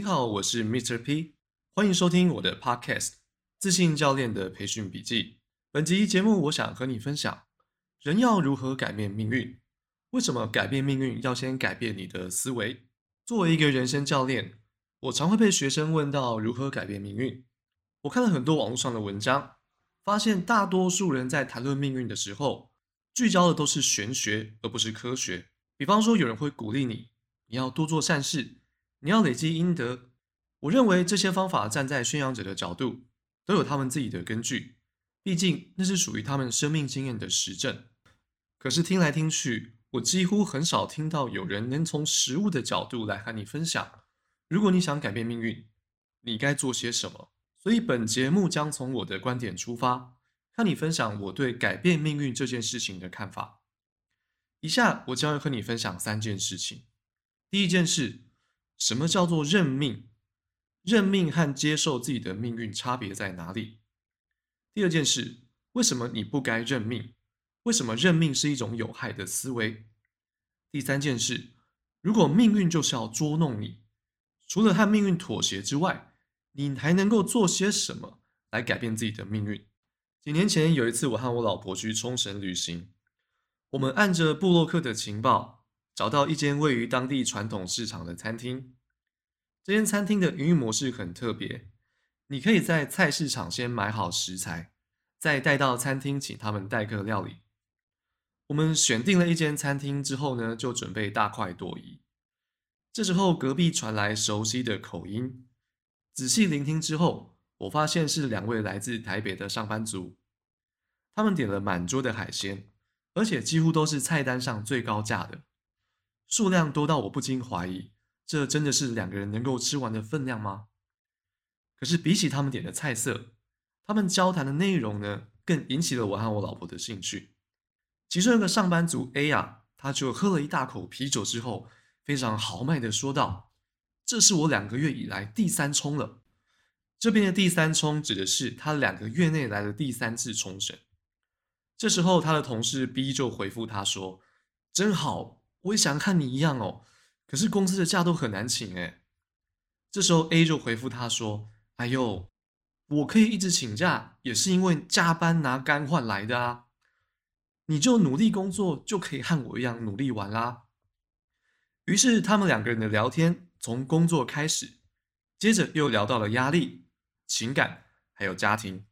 你好，我是 Mr. P，歡迎收聽我的 podcast 自信教練的培訓筆記。本集節目，我想和你分享：人要如何改變命運？為什麼改變命運要先改變你的思維？作為一個人生教練，我常會被學生問到如何改變命運。我看了很多網絡上的文章，發現大多數人在談論命運的時候，聚焦的都是玄學，而不是科學。比方說，有人會鼓勵你，你要多做善事。你要累積陰德。我認為這些方法站在宣揚者的角度，都有他們自己的根據，畢竟那是屬於他們生命經驗的實證。可是聽來聽去，我幾乎很少聽到有人能從實務的角度來和你分享。如果你想改變命運，你該做些什麼？所以本節目將從我的觀點出發，和你分享我對改變命運這件事情的看法。以下我將要和你分享三件事情。第一件事。什麼叫做認命？認命和接受自己的命運差別在哪裡？第二件事，為什麼你不該認命？為什麼認命是一種有害的思維？第三件事，如果命運就是要捉弄你，除了和命運妥協之外，你還能夠做些什麼來改變自己的命運？幾年前有一次，我和我老婆去沖繩旅行，我們按着部落客的情報。找到一間位於當地傳統市場的餐廳，這間餐廳的營運模式很特別，你可以在菜市場先買好食材，再帶到餐廳請他們代客料理。我們選定了一間餐廳之後呢，就準備大快朵頤。這時候隔壁傳來熟悉的口音，仔細聆聽之後，我發現是兩位來自台北的上班族。他們點了滿桌的海鮮，而且幾乎都是菜單上最高價的。數量多到我不禁懷疑，這真的是兩個人能夠吃完的分量嗎？可是比起他們點的菜色，他們交談的內容呢，更引起了我和我老婆的興趣。其中一個上班族 A 啊，他就喝了一大口啤酒之後，非常豪邁的說道：“這是我兩個月以來第三衝了。”這邊的“第三衝”指的是他兩個月內來的第三次沖繩。這時候，他的同事 B 就回復他說：“真好。”我也想看你一樣哦，可是公司的假都很難請誒。這時候 A 就回覆他說：“哎呦，我可以一直請假，也是因為加班拿肝換來的啊。你就努力工作，就可以和我一樣努力玩啦。”於是他們兩個人的聊天從工作開始，接着又聊到了壓力、情感還有家庭。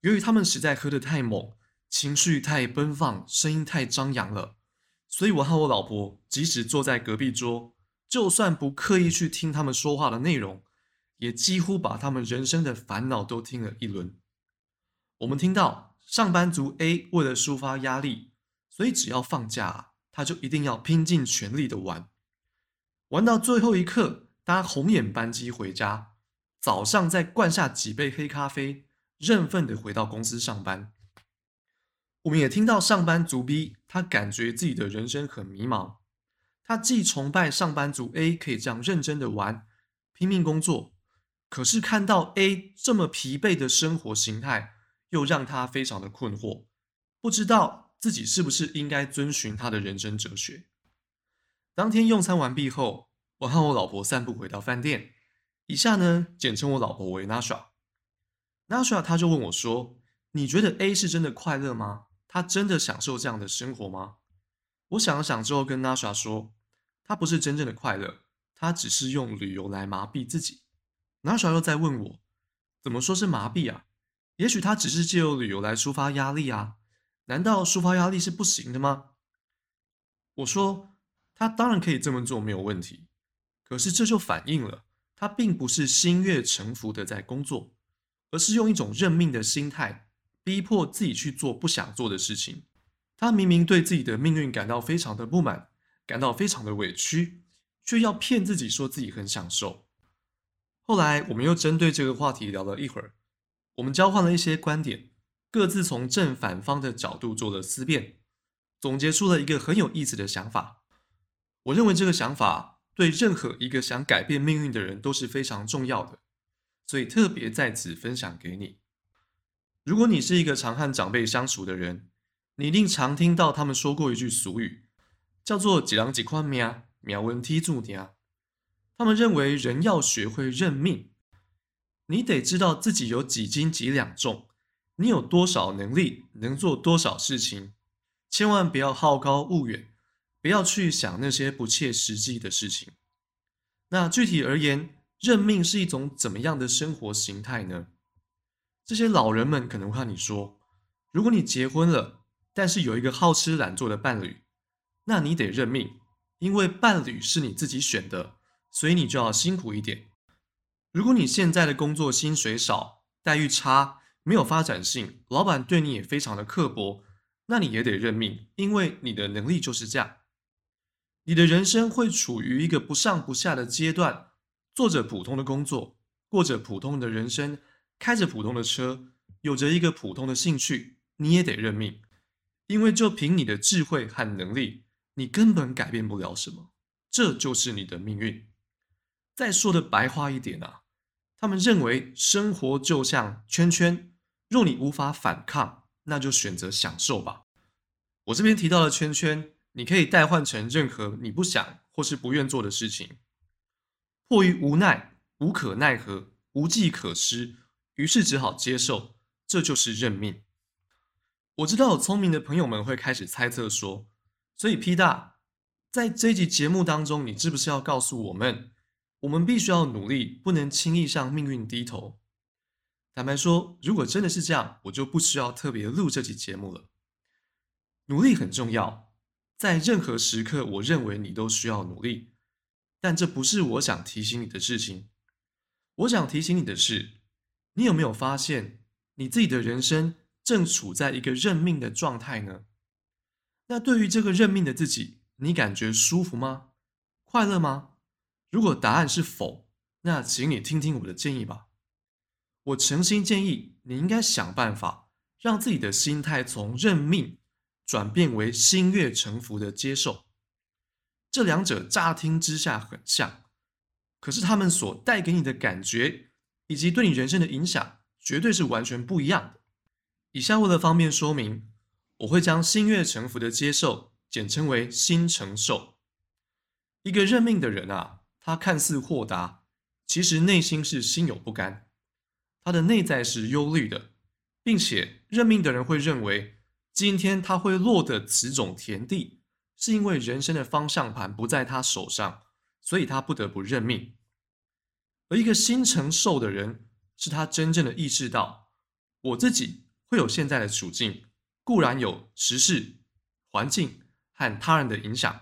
由於他們實在喝得太猛，情緒太奔放，聲音太張揚了。所以我和我老婆，即使坐在隔壁桌，就算不刻意去聽他們說話的內容，也幾乎把他們人生的煩惱都聽了一輪。我們聽到，上班族 A 為了抒發壓力，所以只要放假，他就一定要拼盡全力的玩，玩到最後一刻，搭紅眼班機回家，早上再灌下幾杯黑咖啡，認份的回到公司上班。我們也聽到上班族 B，他感覺自己的人生很迷茫，他既崇拜上班族 A 可以這樣認真的玩、拼命工作，可是看到 A 這麼疲憊的生活形態，又讓他非常的困惑，不知道自己是不是應該遵循他的人生哲學。當天用餐完畢後，我和我老婆散步回到飯店，以下呢簡稱我老婆為 Nasha，Nasha 她就問我說：“你覺得 A 是真的快樂嗎？”他真的享受這樣的生活嗎？我想了想之後，跟娜莎說：“他不是真正的快樂，他只是用旅遊來麻痹自己。”娜莎又在問我：“怎麼說是麻痹啊？也許他只是借由旅遊來抒發壓力啊？難道抒發壓力是不行的嗎？”我說：“他當然可以這麼做，沒有問題。可是這就反映了他並不是心悅誠服的在工作，而是用一種認命的心態。”逼迫自己去做不想做的事情，他明明對自己的命運感到非常的不滿，感到非常的委屈，卻要騙自己說自己很享受。後來我們又針對這個話題聊了一會兒，我們交換了一些觀點，各自從正反方的角度做了思辨，總結出了一個很有意思的想法。我認為這個想法對任何一個想改變命運的人都是非常重要的，所以特別在此分享給你。如果你是一個常和長輩相處的人，你一定常聽到他們說過一句俗語，叫做一一“一人一款命，命運天註定”。他們認為人要學會認命，你得知道自己有幾斤幾兩重，你有多少能力，能做多少事情，千萬不要好高騖遠，不要去想那些不切實際的事情。那具體而言，認命是一種怎麼樣的生活形態呢？這些老人們可能會和你說：“如果你結婚了，但是有一個好吃懶做的伴侶，那你得認命，因為伴侶是你自己選的，所以你就要辛苦一點。如果你現在的工作薪水少、待遇差、沒有發展性，老闆對你也非常的刻薄，那你也得認命，因為你的能力就是這樣，你的人生會處於一個不上不下的階段，做着普通的工作，過着普通的人生。”開着普通的車，有着一個普通的興趣，你也得認命，因為就憑你的智慧和能力，你根本改變不了什麼，這就是你的命運。再說的白話一點啊，他們認為生活就像圈圈，若你無法反抗，那就選擇享受吧。我這邊提到的圈圈，你可以代換成任何你不想或是不願做的事情。迫於無奈，無可奈何，無計可施。於是只好接受，這就是認命。我知道有聰明的朋友們會開始猜測說，所以 P 大在這集節目當中，你是不是要告訴我們，我們必須要努力，不能輕易向命運低頭？坦白說，如果真的是這樣，我就不需要特別錄這集節目了。努力很重要，在任何時刻，我認為你都需要努力。但這不是我想提醒你的事情。我想提醒你的是，你有沒有發現，你自己的人生正處在一個認命的狀態呢？那對於這個認命的自己，你感覺舒服嗎？快樂嗎？如果答案是否，那請你聽聽我的建議吧。我誠心建議你應該想辦法讓自己的心態從認命轉變為心悅誠服的接受。這兩者乍聽之下很像，可是他們所帶給你的感覺，以及對你人生的影響，絕對是完全不一樣的。以下為了方便說明，我會將心悅誠服的接受簡稱為心承受。一個認命的人啊，他看似豁達，其實內心是心有不甘，他的內在是憂慮的，並且認命的人會認為，今天他會落得此種田地，是因為人生的方向盤不在他手上，所以他不得不認命。而一個心承受的人，是他真正的意識到，我自己會有現在的處境，固然有時事、環境和他人的影響，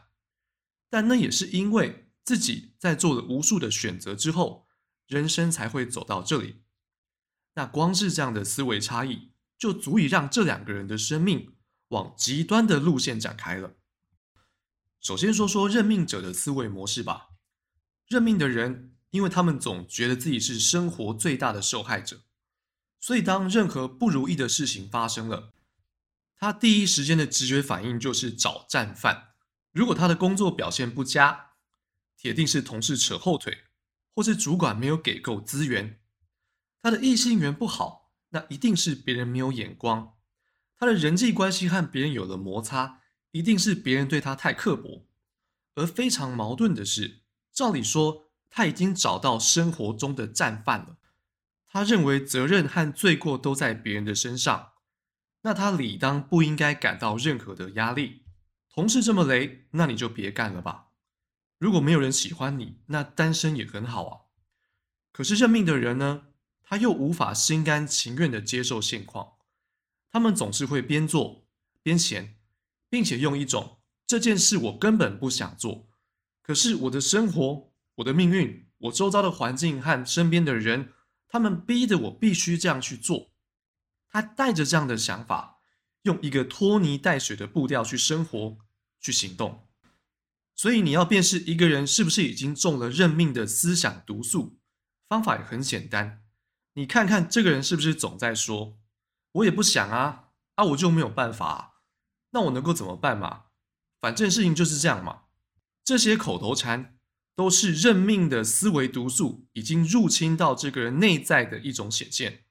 但那也是因為自己在做了無數的選擇之後，人生才會走到這裡。那光是這樣的思維差異，就足以讓這兩個人的生命往極端的路線展開了。首先說說認命者的思維模式吧，認命的人。因為他們總覺得自己是生活最大的受害者，所以當任何不如意的事情發生了，他第一時間的直覺反應就是找戰犯。如果他的工作表現不佳，鐵定是同事扯後腿，或是主管沒有給夠資源。他的異性緣不好，那一定是別人沒有眼光。他的人際關係和別人有了摩擦，一定是別人對他太刻薄。而非常矛盾的是，照理說。他已經找到生活中的戰犯了，他認為責任和罪過都在別人的身上，那他理當不應該感到任何的壓力。同事這麼雷，那你就別幹了吧。如果沒有人喜歡你，那單身也很好啊。可是認命的人呢，他又無法心甘情願地接受現況，他們總是會邊做邊嫌，並且用一種這件事我根本不想做，可是我的生活。我的命運，我周遭的環境和身邊的人，他們逼着我必須這樣去做。他帶着這樣的想法，用一個拖泥帶水的步調去生活、去行動。所以你要辨識一個人是不是已經中了認命的思想毒素，方法也很簡單，你看看這個人是不是總在說：“我也不想啊，啊，我就沒有辦法啊，那我能夠怎麼辦嘛？反正事情就是這樣嘛。”這些口頭禪。都是認命的思維毒素已經入侵到這個人內在的一種顯現。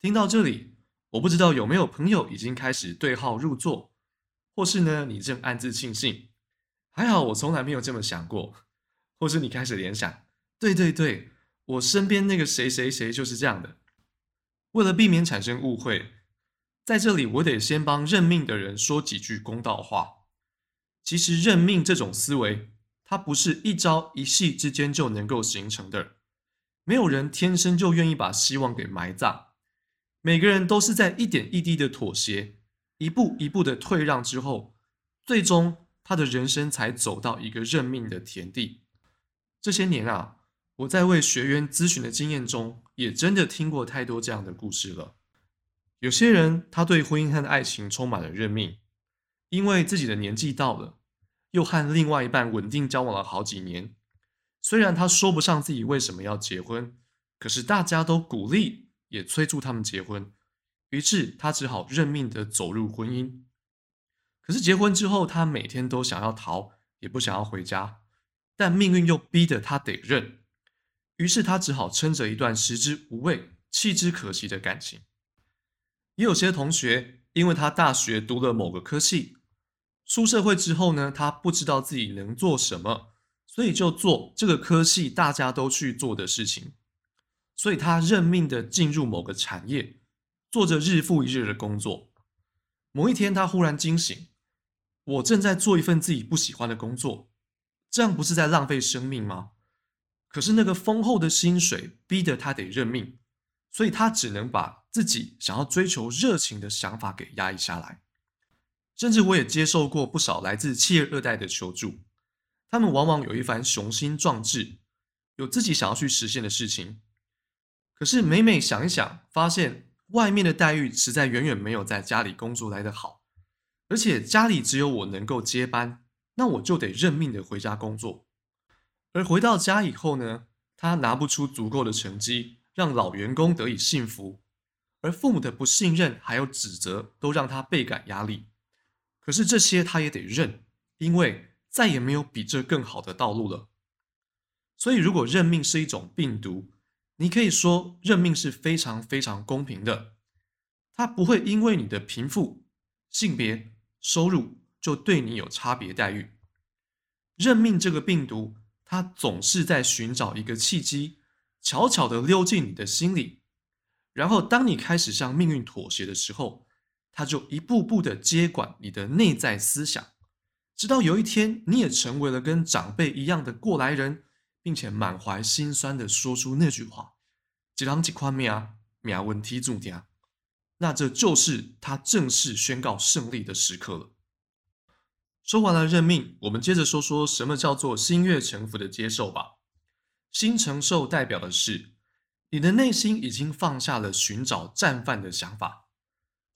聽到這裡，我不知道有沒有朋友已經開始對號入座，或是呢你正暗自慶幸，還好我從來沒有這麼想過，或是你開始聯想，對對對，我身邊那個誰誰誰就是這樣的。為了避免產生誤會，在這裡我得先幫認命的人說幾句公道話。其實認命這種思維，他不是一朝一夕之間就能夠形成的，沒有人天生就願意把希望給埋葬，每個人都是在一點一滴的妥協，一步一步的退讓之後，最終他的人生才走到一個認命的田地。這些年啊，我在為學員諮詢的經驗中，也真的聽過太多這樣的故事了。有些人他對婚姻和愛情充滿了認命，因為自己的年紀到了。又和另外一半穩定交往了好幾年，雖然他說不上自己為什麼要結婚，可是大家都鼓勵，也催促他們結婚，於是他只好認命的走入婚姻。可是結婚之後，他每天都想要逃，也不想要回家，但命運又逼得他得認，於是他只好撐着一段食之無味，棄之可惜的感情。也有些同學，因為他大學讀了某個科系。出社會之後呢，他不知道自己能做什麼，所以就做這個科系大家都去做的事情，所以他認命的進入某個產業，做着日復一日的工作。某一天他忽然驚醒，我正在做一份自己不喜歡的工作，這樣不是在浪費生命嗎？可是那個豐厚的薪水逼得他得認命，所以他只能把自己想要追求熱情的想法給壓抑下來。甚至我也接受過不少來自企業二,二代的求助，他們往往有一番雄心壯志，有自己想要去實現的事情。可是每每想一想，發現外面的待遇實在遠遠沒有在家裡工作來得好，而且家裡只有我能夠接班，那我就得認命的回家工作。而回到家以後呢，他拿不出足夠的成績，讓老員工得以信服，而父母的不信任還有指責，都讓他倍感壓力。可是這些他也得認，因為再也沒有比這更好的道路了。所以，如果認命是一種病毒，你可以說認命是非常非常公平的，它不會因為你的貧富、性別、收入就對你有差別待遇。認命這個病毒，它總是在尋找一個契機，悄悄地溜進你的心裡，然後當你開始向命運妥協的時候。他就一步步的接管你的內在思想，直到有一天你也成為了跟長輩一樣的過來人，並且滿懷心酸的說出那句話，既然這款命啊命啊，問題註定啊，那這就是他正式宣告勝利的時刻了。說完了認命，我們接着說說什麼叫做心悅誠服的接受吧。心誠服代表的是你的內心已經放下了尋找戰犯的想法。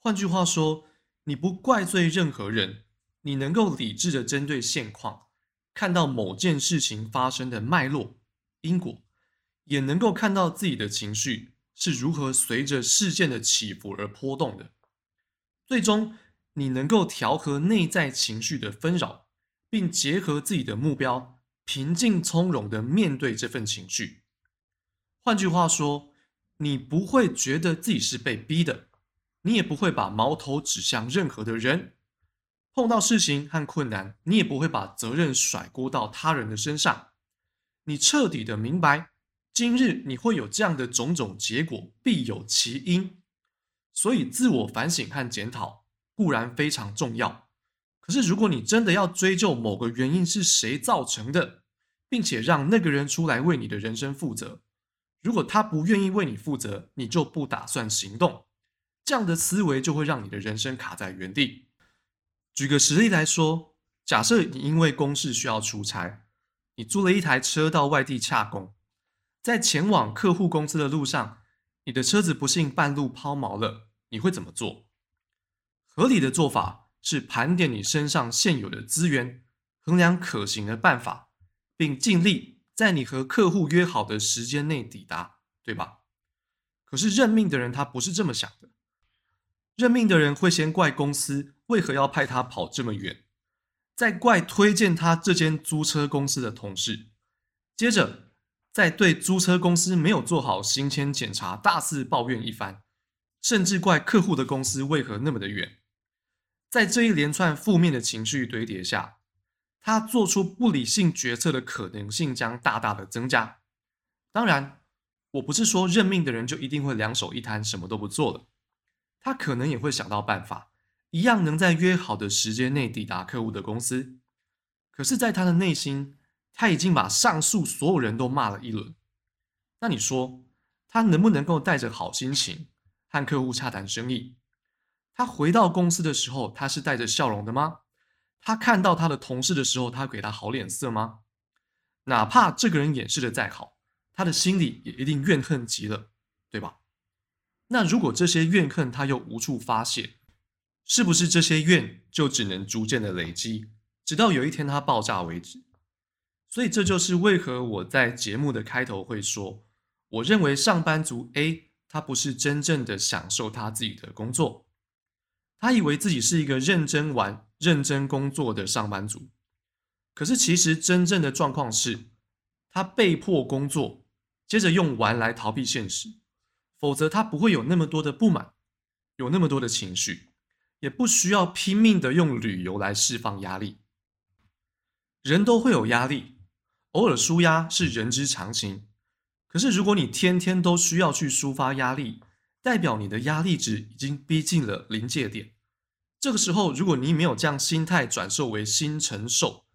換句話說，你不怪罪任何人，你能夠理智的針對現況，看到某件事情發生的脈絡、因果，也能夠看到自己的情緒是如何隨着事件的起伏而波動的。最終，你能夠調和內在情緒的紛擾，並結合自己的目標，平靜從容的面對這份情緒。換句話說，你不會覺得自己是被逼的。你也不會把矛頭指向任何的人，碰到事情和困難，你也不會把責任甩鍋到他人的身上。你徹底的明白，今日你會有這樣的種種結果，必有其因。所以自我反省和檢討固然非常重要，可是如果你真的要追究某個原因是誰造成的，並且讓那個人出來為你的人生負責，如果他不願意為你負責，你就不打算行動。這樣的思維就會讓你的人生卡在原地。舉個實例來說，假設你因為公事需要出差，你租了一台車到外地洽公，在前往客戶公司的路上，你的車子不幸半路拋錨了，你會怎麼做？合理的做法是盤點你身上現有的資源，衡量可行的辦法，並盡力在你和客戶約好的時間內抵達，對吧？可是認命的人他不是這麼想的。認命的人會先怪公司為何要派他跑這麼遠，再怪推薦他這間租車公司的同事，接着再對租車公司沒有做好行前檢查大肆抱怨一番，甚至怪客戶的公司為何那麼的遠。在這一連串負面的情緒堆疊下，他做出不理性決策的可能性將大大的增加。當然，我不是說認命的人就一定會兩手一攤什麼都不做了。他可能也會想到辦法，一樣能在約好的時間內抵達客戶的公司。可是，在他的內心，他已經把上述所有人都罵了一輪。那你說，他能不能夠帶着好心情和客戶洽談生意？他回到公司的時候，他是帶着笑容的嗎？他看到他的同事的時候，他給他好臉色嗎？哪怕這個人掩飾的再好，他的心裡也一定怨恨極了，對吧？那如果這些怨恨他又無處發洩，是不是這些怨就只能逐漸的累積，直到有一天他爆炸為止？所以這就是為何我在節目的開頭會說，我認為上班族 A 他不是真正的享受他自己的工作，他以為自己是一個認真玩、認真工作的上班族，可是其實真正的狀況是，他被迫工作，接着用玩來逃避現實。否則，他不會有那麼多的不滿，有那麼多的情緒，也不需要拼命的用旅遊來釋放壓力。人都會有壓力，偶爾抒壓是人之常情。可是，如果你天天都需要去抒發壓力，代表你的壓力值已經逼近了臨界點。這個時候，如果你沒有將心態轉受為心承受，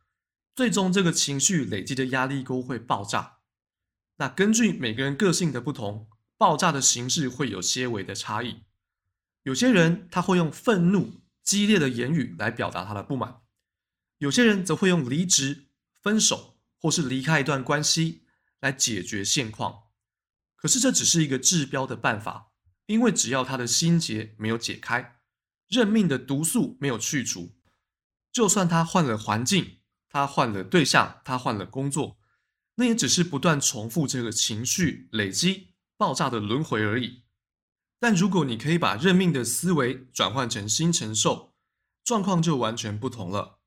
最終這個情緒累積的壓力都會爆炸。那根據每個人個性的不同，爆炸的形式會有些微的差異。有些人他會用憤怒激烈的言語來表達他的不滿，有些人則會用離職、分手或是離開一段關係來解決現況。可是這只是一個治標的辦法，因為只要他的心結沒有解開，認命的毒素沒有去除，就算他換了環境，他換了對象，他換了工作，那也只是不斷重複這個情緒累積。爆炸的輪迴而已，但如果你可以把認命的思維轉換成新承受，狀況就完全不同了。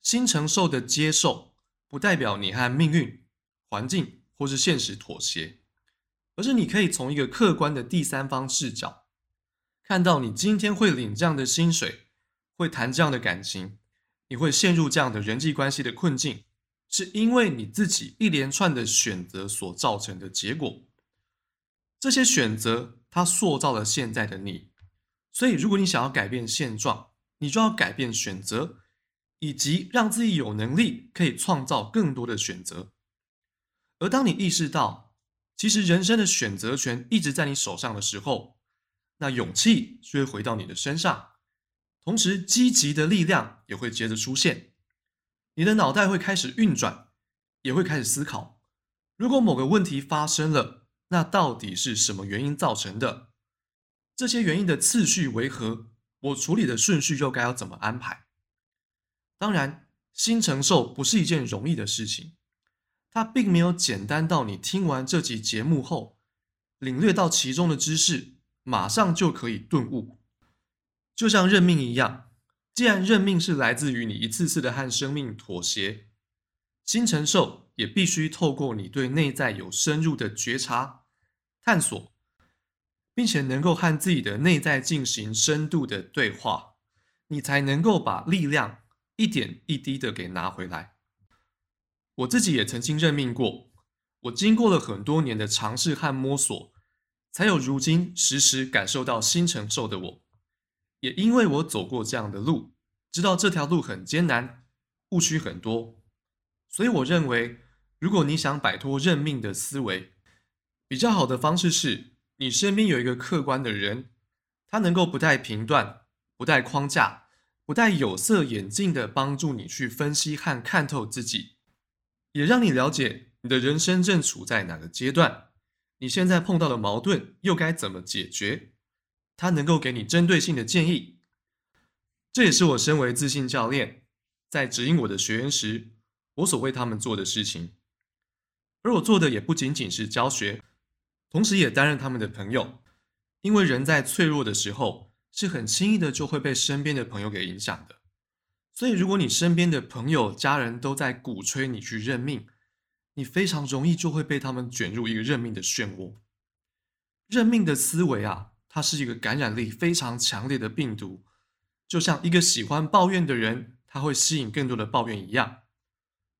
新承受的接受，不代表你和命運、環境或是現實妥協，而是你可以從一個客觀的第三方視角，看到你今天會領這樣的薪水，會談這樣的感情，你會陷入這樣的人際關係的困境，是因為你自己一連串的選擇所造成的結果。這些選擇，它塑造了現在的你。所以，如果你想要改變現狀，你就要改變選擇，以及讓自己有能力可以創造更多的選擇。而當你意識到，其實人生的選擇權一直在你手上的時候，那勇氣就會回到你的身上，同時積極的力量也會接着出現。你的腦袋會開始運轉，也會開始思考。如果某個問題發生了，那到底是什麼原因造成的？這些原因的次序為何？我處理的順序又該要怎麼安排？當然，新承受不是一件容易的事情，它並沒有簡單到你聽完這集節目後，領略到其中的知識，馬上就可以頓悟。就像認命一樣，既然認命是來自於你一次次的和生命妥協，新承受也必須透過你對內在有深入的覺察。探索，並且能夠和自己的內在進行深度的對話，你才能夠把力量一點一滴的給拿回來。我自己也曾經認命過，我經過了很多年的嘗試和摸索，才有如今時時感受到新承受的我。也因為我走過這樣的路，知道這條路很艱難，誤區很多，所以我認為，如果你想擺脫認命的思維。比較好的方式是你身邊有一個客觀的人，他能夠不帶評斷、不帶框架、不帶有色眼鏡的幫助你去分析和看透自己，也讓你了解你的人生正處在哪個階段，你現在碰到的矛盾又該怎麼解決，他能夠給你針對性的建議。這也是我身為自信教練在指引我的學員時，我所為他們做的事情。而我做的也不僅僅是教學。同時也擔任他們的朋友，因為人在脆弱的時候是很輕易的就會被身邊的朋友給影響的。所以，如果你身邊的朋友、家人都在鼓吹你去認命，你非常容易就會被他們捲入一個認命的漩渦。認命的思維啊，它是一個感染力非常強烈的病毒，就像一個喜歡抱怨的人，他會吸引更多的抱怨一樣。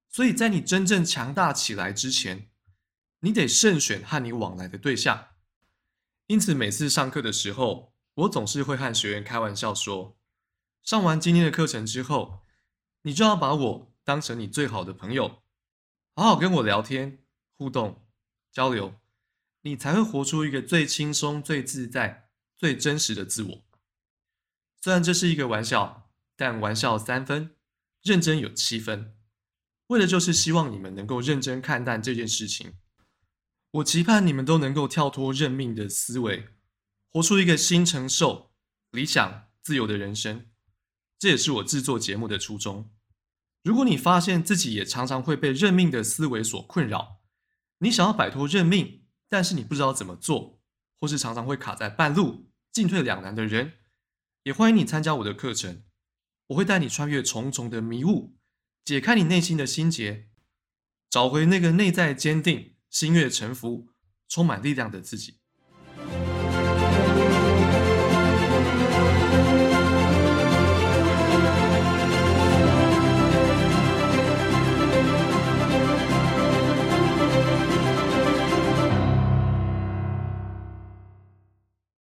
所以在你真正強大起來之前，你得慎選和你往來的對象，因此每次上課的時候，我總是會和學員開玩笑說：“上完今天的課程之後，你就要把我當成你最好的朋友，好好跟我聊天、互動、交流，你才會活出一個最輕鬆、最自在、最真實的自我。”雖然這是一個玩笑，但玩笑三分，認真有七分，為的就是希望你們能夠認真看待這件事情。我期盼你們都能夠跳脫認命的思維，活出一個心承受、理想、自由的人生。這也是我制作節目的初衷。如果你發現自己也常常會被認命的思維所困擾，你想要擺脫認命，但是你不知道怎麼做，或是常常會卡在半路、進退兩難的人，也歡迎你參加我的課程。我會帶你穿越重重的迷霧，解開你內心的心結，找回那個內在堅定心悅誠服，充滿力量的自己。